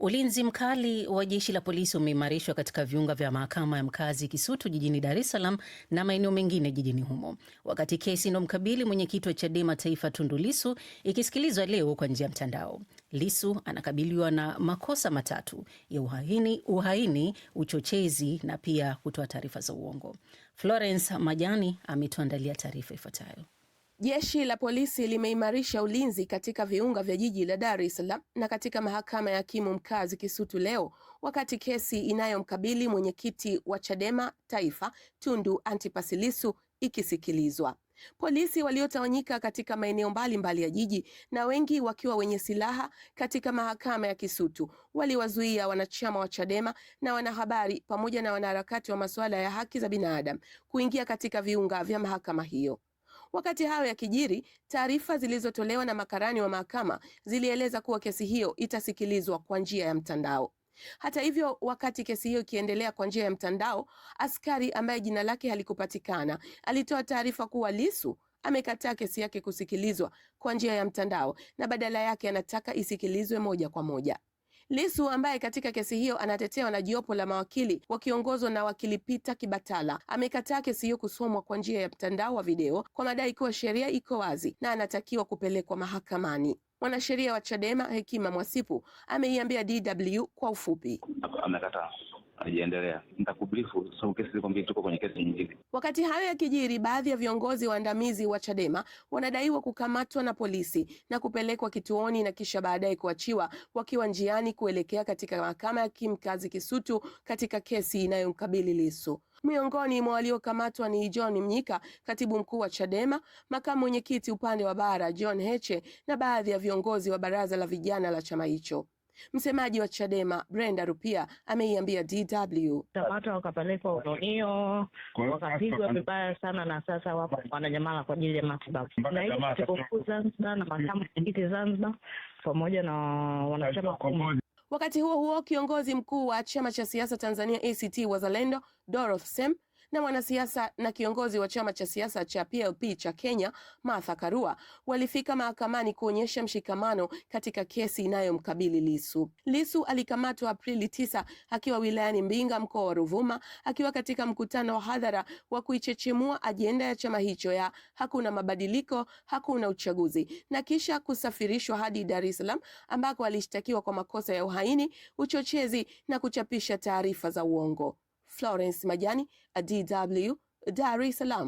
Ulinzi mkali wa jeshi la polisi umeimarishwa katika viunga vya mahakama ya mkazi Kisutu jijini Dar es Salaam na maeneo mengine jijini humo, wakati kesi inayomkabili mwenyekiti wa Chadema Taifa Tundu lisu ikisikilizwa leo kwa njia ya mtandao. lisu anakabiliwa na makosa matatu ya uhaini, uhaini, uchochezi na pia kutoa taarifa za uongo. Florence Majani ametuandalia taarifa ifuatayo. Jeshi la polisi limeimarisha ulinzi katika viunga vya jiji la Dar es Salaam na katika mahakama ya hakimu mkazi Kisutu leo wakati kesi inayomkabili mwenyekiti wa Chadema Taifa Tundu Antipas Lissu ikisikilizwa. Polisi waliotawanyika katika maeneo mbalimbali ya jiji na wengi wakiwa wenye silaha katika mahakama ya Kisutu waliwazuia wanachama wa Chadema na wanahabari pamoja na wanaharakati wa masuala ya haki za binadamu kuingia katika viunga vya mahakama hiyo. Wakati hayo yakijiri, taarifa zilizotolewa na makarani wa mahakama zilieleza kuwa kesi hiyo itasikilizwa kwa njia ya mtandao. Hata hivyo, wakati kesi hiyo ikiendelea kwa njia ya mtandao, askari ambaye jina lake halikupatikana alitoa taarifa kuwa Lissu amekataa kesi yake kusikilizwa kwa njia ya mtandao na badala yake anataka isikilizwe moja kwa moja. Lissu ambaye katika kesi hiyo anatetewa na jopo la mawakili wakiongozwa na wakili Peter Kibatala amekataa kesi hiyo kusomwa kwa njia ya mtandao wa video kwa madai kuwa sheria iko wazi na anatakiwa kupelekwa mahakamani. Mwanasheria wa Chadema Hekima Mwasipu ameiambia DW kwa ufupi, amekataa haijaendelea. Nitakubrifu sababu kesi ziko mbili, tuko kwenye kesi nyingine. Wakati hayo yakijiri, baadhi ya viongozi waandamizi wa Chadema wanadaiwa kukamatwa na polisi na kupelekwa kituoni na kisha baadaye kuachiwa wakiwa njiani kuelekea katika mahakama ya kimkazi Kisutu katika kesi inayomkabili Lissu. Miongoni mwa waliokamatwa ni John Mnyika, katibu mkuu wa Chadema, makamu mwenyekiti upande wa bara John Heche na baadhi ya viongozi wa baraza la vijana la chama hicho. Msemaji wa Chadema Brenda Rupia ameiambia DW Tamata wakapelekwa unonio wakapigwa vibaya sana, na sasa wapo Wananyamala kwa ajili ya matibabu. Na hii sikukuu Zanzibar na makamu mwenyekiti Zanzibar pamoja na wanachama kumi. Wakati huo huo, kiongozi mkuu wa chama cha siasa Tanzania ACT Wazalendo Doroth Sem na mwanasiasa na kiongozi wa chama cha siasa cha PLP cha Kenya Martha Karua walifika mahakamani kuonyesha mshikamano katika kesi inayomkabili lisu lisu alikamatwa Aprili 9 akiwa wilayani Mbinga mkoa wa Ruvuma akiwa katika mkutano wa hadhara wa kuichechemua ajenda ya chama hicho ya hakuna mabadiliko, hakuna uchaguzi na kisha kusafirishwa hadi Dar es Salaam ambako alishtakiwa kwa makosa ya uhaini, uchochezi na kuchapisha taarifa za uongo. Florence Majani, DW, Dar es Salaam.